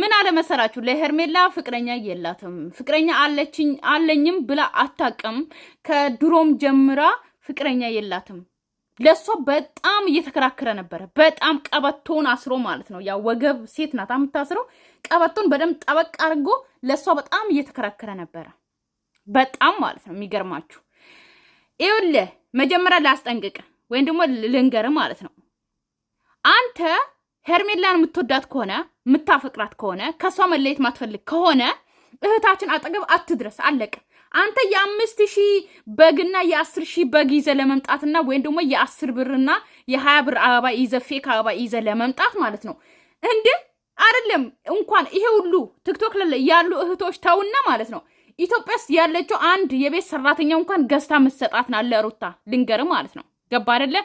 ምን አለመሰላችሁ ለሄርሜላ ፍቅረኛ የላትም። ፍቅረኛ አለችኝ አለኝም ብላ አታቅም ከድሮም ጀምራ ፍቅረኛ የላትም። ለእሷ በጣም እየተከራከረ ነበረ። በጣም ቀበቶን አስሮ ማለት ነው። ያ ወገብ ሴት ናት የምታስረው። ቀበቶን በደንብ ጠበቅ አድርጎ ለእሷ በጣም እየተከራከረ ነበረ። በጣም ማለት ነው። የሚገርማችሁ ይውለ መጀመሪያ ላስጠንቅቅ ወይም ደግሞ ልንገር ማለት ነው አንተ ሄርሜላን የምትወዳት ከሆነ የምታፈቅራት ከሆነ ከእሷ መለየት ማትፈልግ ከሆነ እህታችን አጠገብ አትድረስ። አለቅ አንተ የአምስት ሺህ በግና የአስር ሺህ በግ ይዘ ለመምጣትና ወይም ደግሞ የአስር ብርና የሀያ ብር አበባ ይዘ ፌክ አበባ ይዘ ለመምጣት ማለት ነው እንዴ? አይደለም እንኳን ይሄ ሁሉ ቲክቶክ ያሉ እህቶች ተውና ማለት ነው ኢትዮጵያ ውስጥ ያለችው አንድ የቤት ሰራተኛ እንኳን ገዝታ መሰጣት ናለ ሩታ ልንገር ማለት ነው። ገባ አይደለ?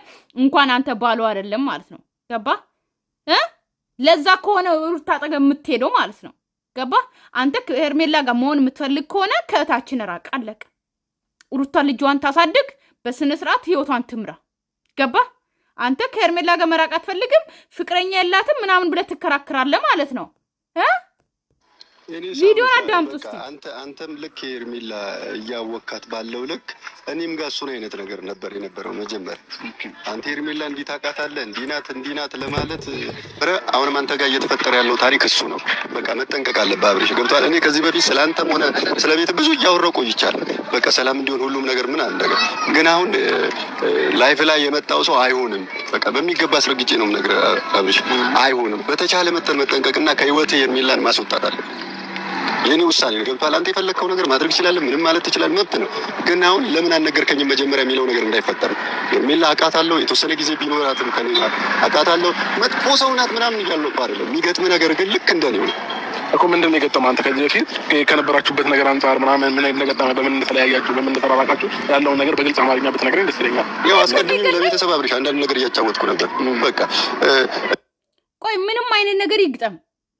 እንኳን አንተ ባሉ አይደለም ማለት ነው። ገባ ለዛ ከሆነ ሩታ አጠገብ የምትሄደው ማለት ነው። ገባ አንተ ከሄርሜላ ጋር መሆን የምትፈልግ ከሆነ ከእታችን ራቅ። አለቅ። ሩታ ልጇን ታሳድግ፣ በስነ ስርዓት ህይወቷን ትምራ። ገባ አንተ ከሄርሜላ ጋር መራቅ አትፈልግም፣ ፍቅረኛ የላትም ምናምን ብለህ ትከራከራለህ ማለት ነው። ቪዲዮ አዳምጡ እስኪ። አንተም ልክ ኤርሚላ እያወካት ባለው ልክ እኔም ጋር እሱን አይነት ነገር ነበር የነበረው። መጀመር አንተ ኤርሜላ እንዲህ ታውቃታለህ፣ እንዲህ ናት፣ እንዲህ ናት ለማለት አሁንም አንተ ጋር እየተፈጠረ ያለው ታሪክ እሱ ነው። በቃ መጠንቀቅ አለብህ አብሬሽ፣ ገብቷል። እኔ ከዚህ በፊት ስለ አንተም ሆነ ስለ ቤት ብዙ እያወራሁ ቆይቻለሁ። በቃ ሰላም እንዲሆን ሁሉም ነገር ምን አለ ነገር ግን አሁን ላይፍ ላይ የመጣው ሰው አይሆንም። በቃ በሚገባ አስረግጬ ነው የምነግርህ አብሬሽ፣ አይሆንም። በተቻለ መጠን መጠንቀቅና ከህይወት ሄርሜላን ማስወጣት አለብህ። የኔ ውሳኔ ነው። ገብቷል። አንተ የፈለግከው ነገር ማድረግ ይችላል፣ ምንም ማለት ትችላለህ፣ መብት ነው። ግን አሁን ለምን አልነገርከኝም መጀመሪያ የሚለው ነገር እንዳይፈጠር ሄርሜላ አውቃታለሁ። የተወሰነ ጊዜ ቢኖራትም ከኔ አውቃታለሁ። መጥፎ ሰው ናት ምናምን እያልኩ አይደለም። የሚገጥም ነገር ግን ልክ እንደኔ ነው እኮ ምንድን ነው የገጠመው? አንተ ከዚህ በፊት ከነበራችሁበት ነገር አንጻር ምናምን ምን አይነት ነገር በምን እንደተለያያችሁ፣ በምን እንደተራራቃችሁ ያለውን ነገር በግልጽ አማርኛ ብትነግረኝ ደስ ይለኛል። ያው አስቀድሜ ለቤተሰብ አብሬሽ አንዳንድ ነገር እያጫወትኩ ነበር። በቃ ቆይ ምንም አይነት ነገር ይግጠም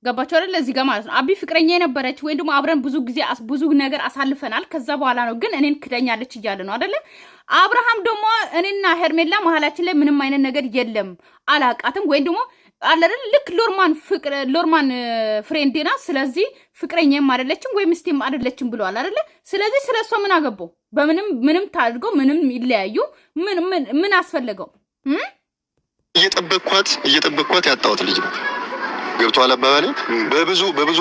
ገባችሁ አይደል? እዚህ ጋር ማለት ነው አቢ ፍቅረኛ የነበረች ወይም ደግሞ አብረን ብዙ ጊዜ ብዙ ነገር አሳልፈናል። ከዛ በኋላ ነው ግን እኔን ክደኛለች እያለ ነው አይደለ? አብርሃም ደግሞ እኔና ሄርሜላ መሀላችን ላይ ምንም አይነት ነገር የለም አላቃትም፣ ወይም ደግሞ አለ አይደል? ልክ ሎርማን ፍቅር ሎርማን ፍሬንዴ ናት፣ ስለዚህ ፍቅረኛም አይደለችም ወይም ሚስቴም አይደለችም ብለዋል አይደለ? ስለዚህ ስለ እሷ ምን አገባው? በምንም ምንም ታድርገው ምንም ይለያዩ ምን ምን አስፈለገው? እየጠበቅኳት እየጠበቅኳት ያጣሁት ልጅ ነው ገብቷል አባባሌ። በብዙ በብዙ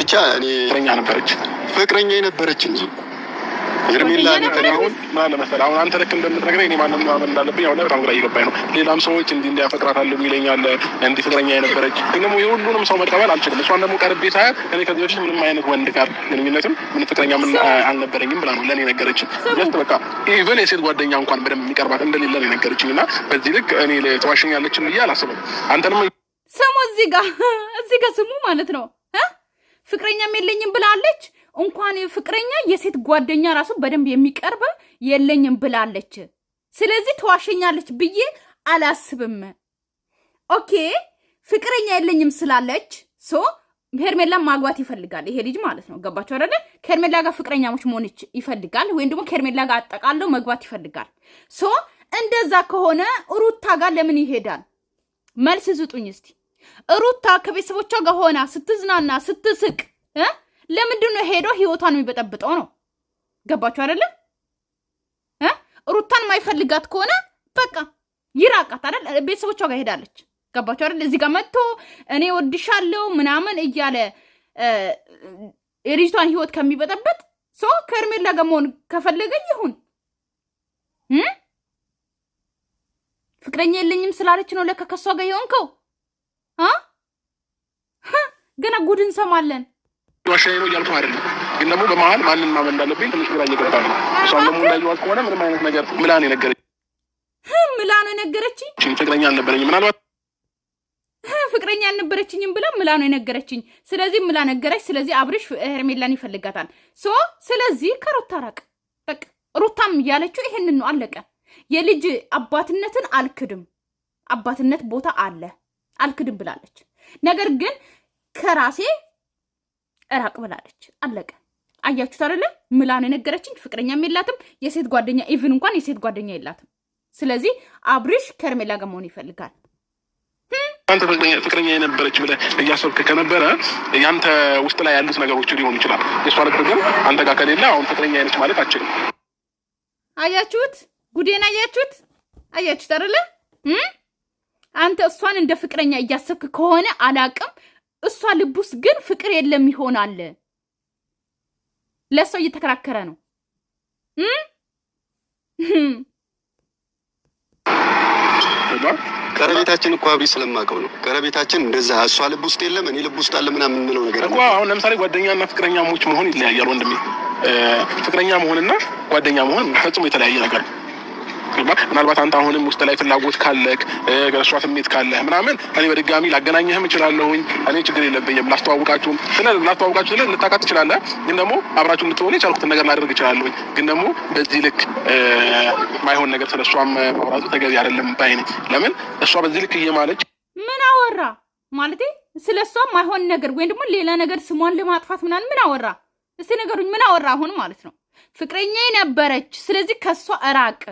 ብቻ እኔ ፍቅረኛ ነበረች ፍቅረኛ የነበረች እንጂ ሄርሜላ አሁን መሰለህ አሁን አንተ ልክ እንደምትነግረኝ እኔ ማንም ማመን እንዳለብኝ አሁን በጣም ግራ እየገባኝ ነው። ሌላም ሰዎች እንዲህ እንዲያፈቅራታለሁ ይለኛል እንዲህ ፍቅረኛ የነበረች ግን ደግሞ የሁሉንም ሰው መቀበል አልችልም። እሷን ደግሞ ቀርቤ ሳያት እኔ ከዚህ በፊት ምንም አይነት ወንድ ጋር ግንኙነትም ምን ፍቅረኛ ምን አልነበረኝም ብላ ነው ለእኔ ነገረችን። ጀስት በቃ ኢቨን የሴት ጓደኛ እንኳን በደንብ የሚቀርባት እንደሌለ ነው የነገረችኝ እና በዚህ ልክ እኔ ተዋሸኛለችን ብዬ አላስብም አንተንም እዚህ ጋር እዚህ ስሙ ማለት ነው ፍቅረኛም የለኝም ብላለች። እንኳን ፍቅረኛ የሴት ጓደኛ ራሱ በደንብ የሚቀርብ የለኝም ብላለች። ስለዚህ ተዋሸኛለች ብዬ አላስብም። ኦኬ ፍቅረኛ የለኝም ስላለች ሶ ሄርሜላ ማግባት ይፈልጋል ይሄ ልጅ ማለት ነው። ገባችሁ አይደለ? ከሄርሜላ ጋር ፍቅረኛሞች መሆን ይፈልጋል፣ ወይም ደግሞ ከሄርሜላ ጋር አጠቃለው መግባት ይፈልጋል። ሶ እንደዛ ከሆነ ሩታ ጋር ለምን ይሄዳል? መልስ ስጡኝ እስቲ። ሩታ ከቤተሰቦቿ ጋር ሆና ስትዝናና ስትስቅ ለምንድን ነው ሄዶ ህይወቷን የሚበጠብጠው? ነው ገባችሁ አይደለም? ሩታን ማይፈልጋት ከሆነ በቃ ይራቃት አይደል? ቤተሰቦቿ ጋር ሄዳለች። ገባችሁ አይደል? እዚህ ጋር መጥቶ እኔ ወድሻለሁ ምናምን እያለ የልጅቷን ህይወት ከሚበጠበጥ ሶ ከእርሜላ ጋር መሆን ከፈለገ ይሁን። ፍቅረኛ የለኝም ስላለች ነው ለከከሷ ጋር የሆንከው። ገና ጉድ እንሰማለን። ዋሻዬ ነው እያልኩ አይደለም፣ ግን ደግሞ በመሀል ማንን ማመን እንዳለብኝ ትንሽ ግራ እየገባ ነው። እሷም ደግሞ እንዳየዋት ከሆነ ምንም አይነት ነገር ምላን ነው የነገረች ምላ የነገረችኝ። ፍቅረኛ አልነበረኝ ምናልባት ፍቅረኛ አልነበረችኝም ብላ ምላ ነው የነገረችኝ። ስለዚህ ምላ ነገረች። ስለዚህ አብርሽ ሄርሜላን ይፈልጋታል። ሶ ስለዚህ ከሩታ ራቅ። በቃ ሩታም እያለችው ይሄንን ነው። አለቀ። የልጅ አባትነትን አልክድም። አባትነት ቦታ አለ አልክድም ብላለች። ነገር ግን ከራሴ እራቅ ብላለች። አለቀ። አያችሁት አይደለ? ምላን የነገረችኝ ፍቅረኛም የላትም የሴት ጓደኛ ኢቭን እንኳን የሴት ጓደኛ የላትም። ስለዚህ አብሪሽ ከርሜላ ጋር መሆን ይፈልጋል። አንተ ፍቅረኛ የነበረች ብለ እያሰብክ ከነበረ ያንተ ውስጥ ላይ ያሉት ነገሮች ሊሆኑ ይችላል። የእሷ ልብ ግን አንተ ጋር ከሌለ አሁን ፍቅረኛ አይነች ማለት አችልም። አያችሁት? ጉዴን አያችሁት? አያችሁት አይደለ? አንተ እሷን እንደ ፍቅረኛ እያሰብክ ከሆነ አላቅም። እሷ ልቡስ ግን ፍቅር የለም ይሆናል። ለሰው እየተከራከረ ነው። ቀረቤታችን እኮ አብሪ ስለማውቀው ነው። ቀረቤታችን እንደዛ እሷ ልብ ውስጥ የለም እኔ ልብ ውስጥ አለ ምናምን የምንለው ነገር እኮ አሁን ለምሳሌ ጓደኛና ሞች መሆን ይለያያል ወንድሜ። ፍቅረኛ መሆንና ጓደኛ መሆን ፈጽሞ የተለያየ ነገር ሱማ ምናልባት አንተ አሁንም ውስጥ ላይ ፍላጎት ካለክ እሷ ስሜት ካለህ ምናምን እኔ በድጋሚ ላገናኘህም እችላለሁኝ። እኔ ችግር የለብኝም። ላስተዋውቃችሁም ስለ ላስተዋውቃችሁ ስለ ልታውቃት ትችላለህ። ግን ደግሞ አብራችሁ እንድትሆኑ የቻልኩትን ነገር ላደርግ እችላለሁኝ። ግን ደግሞ በዚህ ልክ ማይሆን ነገር ስለ እሷም ማውራቱ ተገቢ አይደለም ባይ ለምን እሷ በዚህ ልክ እየማለች ምን አወራ ማለት ስለ እሷ ማይሆን ነገር ወይም ደግሞ ሌላ ነገር ስሟን ለማጥፋት ምናምን ምን አወራ እስቲ ነገሩኝ። ምን አወራ አሁን ማለት ነው ፍቅረኛ የነበረች ስለዚህ ከእሷ እራቅ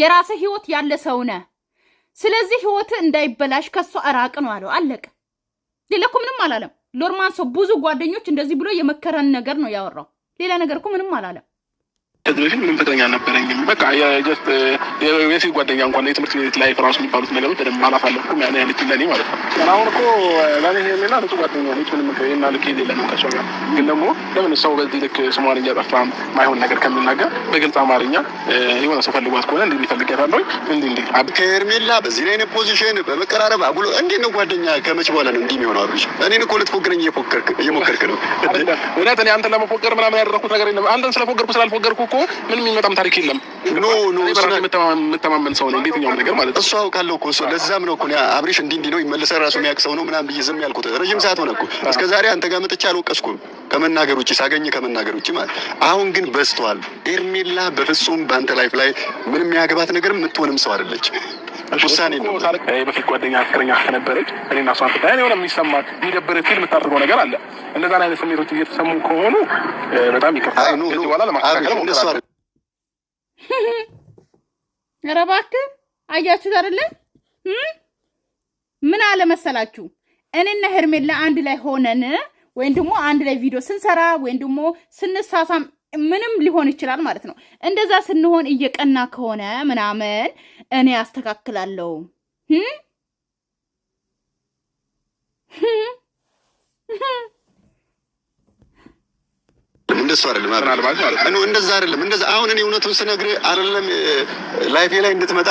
የራስ ህይወት ያለ ሰው ነ ስለዚህ ህይወት እንዳይበላሽ ከሱ አራቅ ነው አለው። አለቀ። ሌላ እኮ ምንም አላለም። ሎርማን ሰው ብዙ ጓደኞች እንደዚህ ብሎ የመከረን ነገር ነው ያወራው። ሌላ ነገር እኮ ምንም አላለም። ከዚህ በፊት ምንም ፍቅረኛ አልነበረኝም። በቃ የሴት ጓደኛ እንኳን የትምህርት ቤት ላይ ራሱ የሚባሉት ነገሮች በደንብ አላሳለፍኩም። ያ ልክ ለኔ ማለት ነው። አሁን እኮ ለኔ ሌላ ንጹ ጓደኛ ነች። ምንም ና ልክ የሌለን ከሰው ጋር ግን ደግሞ ለምን ሰው በዚህ ልክ ስሟን እያጠፋ ማይሆን ነገር ከሚናገር በግልጽ አማርኛ የሆነ ሰው ፈልጓት ከሆነ እንዲ ፈልግ ያታለኝ እንዲ እንዲ ከኤርሜላ በዚህ ላይ ፖዚሽን በመቀራረብ አጉሎ እንዴት ነው ጓደኛ ከመች በኋላ ነው እንዲህ የሚሆነው? አብሽ እኔን እኮ ልትፎግረኝ እየሞከርክ ነው። እውነት እኔ አንተን ለመፎገር ምናምን ያደረኩት ነገር የለም። አንተን ስለፎገርኩ ስላልፎገርኩ እኮ ምንም የሚመጣም ታሪክ የለም። ኖ ኖ የምተማመን ሰው ነው የትኛውም ነገር ማለት ነው። እሱ አውቃለሁ እኮ ለዛም ነው እኮ አብሬሽ እንዲህ እንዲህ ነው ይመልሰን ራሱ የሚያውቅ ሰው ነው ምናምን ብዬ ዝም ያልኩት ረዥም ሰዓት ሆነ እኮ። እስከ ዛሬ አንተ ጋር መጥቼ አልወቀስኩም ከመናገር ውጭ ሳገኝ ከመናገር ውጭ ማለት አሁን ግን በዝተዋል። ኤርሜላ በፍጹም በአንተ ላይፍ ላይ ምንም ያገባት ነገር የምትሆንም ሰው አይደለች። ውሳኔ ነው። በፊት ጓደኛ ፍቅረኛ ከነበረች እኔና እሷን ስታይ የሆነ የሚሰማት የሚደብርህ ፊል የምታደርገው ነገር አለ። እነዛን አይነት ስሜቶች እየተሰሙ ከሆኑ በጣም ይከፋል። በኋላ ለማስተካከል ሞክራለሁ። ኧረ እባክህ አያችሁት አይደለ? ምን አለ መሰላችሁ እኔና ሄርሜላ አንድ ላይ ሆነን ወይም ደግሞ አንድ ላይ ቪዲዮ ስንሰራ ወይም ደግሞ ስንሳሳም ምንም ሊሆን ይችላል ማለት ነው። እንደዛ ስንሆን እየቀና ከሆነ ምናምን እኔ አስተካክላለሁ። እንደሱ አይደለም እንደዛ አይደለም። አሁን እኔ እውነቱን ስነግር አይደለም ላይፌ ላይ እንድትመጣ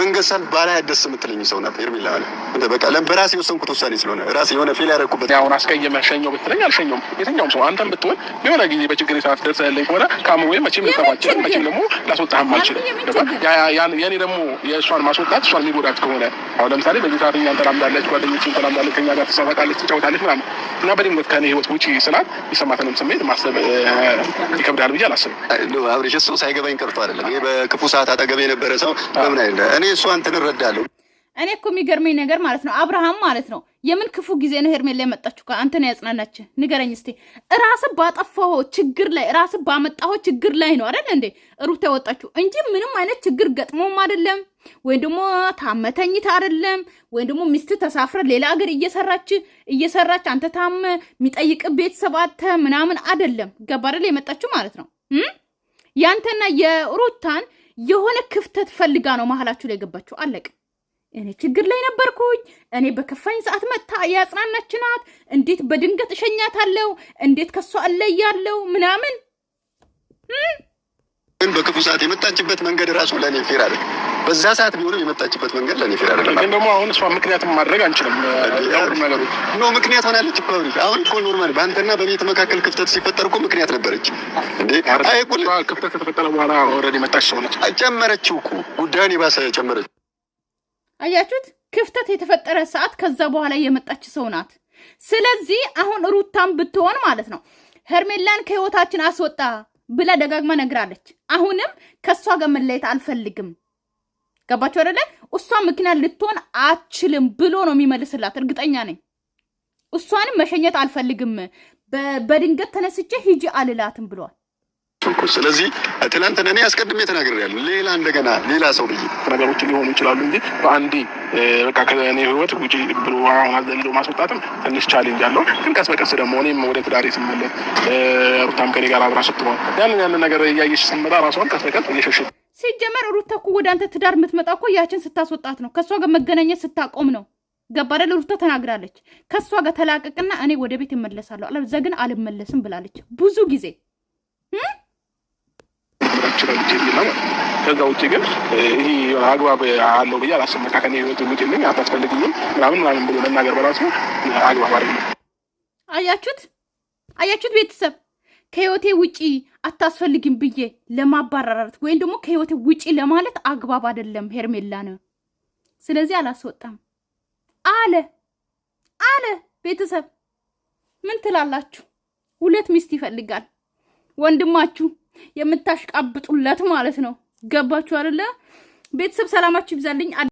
መንገሳን ባላ ያደስ የምትለኝ ሰው ናት ሄርሜላ አለ እንደ በቃ በራሴ የወሰንኩት ውሳኔ ስለሆነ ራሴ የሆነ ፌል ያደረኩበት አሁን አስቀየመህ ሸኘው ብትለኝ አልሸኘውም። የትኛውም ሰው አንተም ብትሆን የሆነ ጊዜ በችግር ሰዓት ደርሰህ ያለኝ ከሆነ ከአእምሮዬ መቼም ልጠፋችልም፣ መቼም ደግሞ ላስወጣህም አልችልም። የኔ ደግሞ የእሷን ማስወጣት እሷን የሚጎዳት ከሆነ አሁን ለምሳሌ በዚህ ሰዓት እኛን ተላምዳለች፣ ጓደኞችን ተላምዳለች፣ ከኛ ጋር ትሳሳቃለች፣ ትጫወታለች ምናምን እና በድንገት ከኔ ህይወት ውጪ ስላት የሰማትንም ስሜት ማሰብ ይከብዳል ብዬ አላስብም። አብሬሽ እሱ ሳይገባኝ ቀርቶ አይደለም ይሄ በክፉ ሰዓት አጠገብ የነበረ ሰው በምን አይደለ እኔ እሷ እንትን እረዳለሁ። እኔ እኮ የሚገርመኝ ነገር ማለት ነው አብርሃም ማለት ነው የምን ክፉ ጊዜ ነው ሄርሜላ መጣችሁ? አንተ ነው ያጽናናች። ንገረኝ እስቲ እራስ ባጠፋሁ ችግር ላይ ራስህ ባመጣሁ ችግር ላይ ነው አይደል እንዴ ሩታ የወጣችሁ እንጂ ምንም አይነት ችግር ገጥሞም አይደለም ወይም ደግሞ ታመተኝት ተኝተህ አይደለም ወይም ደግሞ ሚስት ተሳፍረ ሌላ ሀገር እየሰራች እየሰራች አንተ ታመ የሚጠይቅ ቤተሰብ አተ ምናምን አይደለም። ገባ አይደል የመጣችሁ ማለት ነው ያንተና የሩታን የሆነ ክፍተት ፈልጋ ነው መሀላችሁ ላይ የገባችሁ። አለቅ እኔ ችግር ላይ ነበርኩኝ። እኔ በከፋኝ ሰዓት መጥታ ያጽናናች ናት። እንዴት በድንገት እሸኛታለሁ፣ እንዴት ከሷ እለያለሁ ምናምን ግን በክፉ ሰዓት የመጣችበት መንገድ ራሱ ለእኔ ፌር አለ በዛ ሰዓት ቢሆንም የመጣችበት መንገድ ለእኔ ፌር አይደለም። ግን ደግሞ አሁን እሷ ምክንያትም ማድረግ አንችልም። ኖ ምክንያት ሆናለች እኮ አሁን እኮ ኖርማል በአንተና በቤት መካከል ክፍተት ሲፈጠር እኮ ምክንያት ነበረች እንዴ? አይ ክፍተት ከተፈጠረ በኋላ ኦልሬዲ መጣች ሰው ነች። ጨመረችው እኮ ጉዳዩን የባሰ ጨመረች። አያችሁት? ክፍተት የተፈጠረ ሰዓት ከዛ በኋላ የመጣች ሰው ናት። ስለዚህ አሁን ሩታም ብትሆን ማለት ነው ሄርሜላን ከህይወታችን አስወጣ ብላ ደጋግማ ነግራለች። አሁንም ከእሷ ጋር መለየት አልፈልግም ገባችሁ አደለ? እሷ ምክንያት ልትሆን አችልም ብሎ ነው የሚመልስላት። እርግጠኛ ነኝ። እሷንም መሸኘት አልፈልግም፣ በድንገት ተነስቼ ሂጂ አልላትም ብሏል። ስለዚህ ትናንትና እኔ አስቀድሜ ያለ ሌላ እንደገና ሌላ ሰው ብዬ ነገሮች ሊሆኑ ይችላሉ እንጂ በአንዴ በቃ ከእኔ ህይወት ውጪ ብሎ ዘንዶ ማስወጣትም ትንሽ ቻሌንጅ አለው። ግን ቀስ በቀስ ደግሞ እኔም ወደ ትዳሬ ስመለስ ሩታም ከኔ ጋር አብራ ስትሆን ያንን ያንን ነገር እያየሽ ስመጣ ራሷን ቀስ በቀስ እየሸሸ ሲጀመር ሩታ እኮ ወደ አንተ ትዳር የምትመጣ እኮ ያችን ስታስወጣት ነው፣ ከእሷ ጋር መገናኘት ስታቆም ነው። ገባ አይደል? ሩታ ተናግራለች። ከእሷ ጋር ተላቀቅና እኔ ወደ ቤት እመለሳለሁ፣ አለበለዚያ ግን አልመለስም ብላለች ብዙ ጊዜ ከዛ ውጭ ግን ይህ አግባብ አለው ብዬ አላስብም። ከኔ ምትልኝ ውጭ አታስፈልግኝም ምናምን ምናምን ብሎ መናገር በራሱ አግባብ አይደለም። አያችሁት? አያችሁት? ቤተሰብ ከህይወቴ ውጪ አታስፈልግም ብዬ ለማባረራት ወይም ደግሞ ከህይወቴ ውጪ ለማለት አግባብ አይደለም ሄርሜላ ነው። ስለዚህ አላስወጣም አለ አለ። ቤተሰብ ምን ትላላችሁ? ሁለት ሚስት ይፈልጋል ወንድማችሁ የምታሽቃብጡለት ማለት ነው። ገባችሁ አይደለ? ቤተሰብ ሰላማችሁ ይብዛልኝ።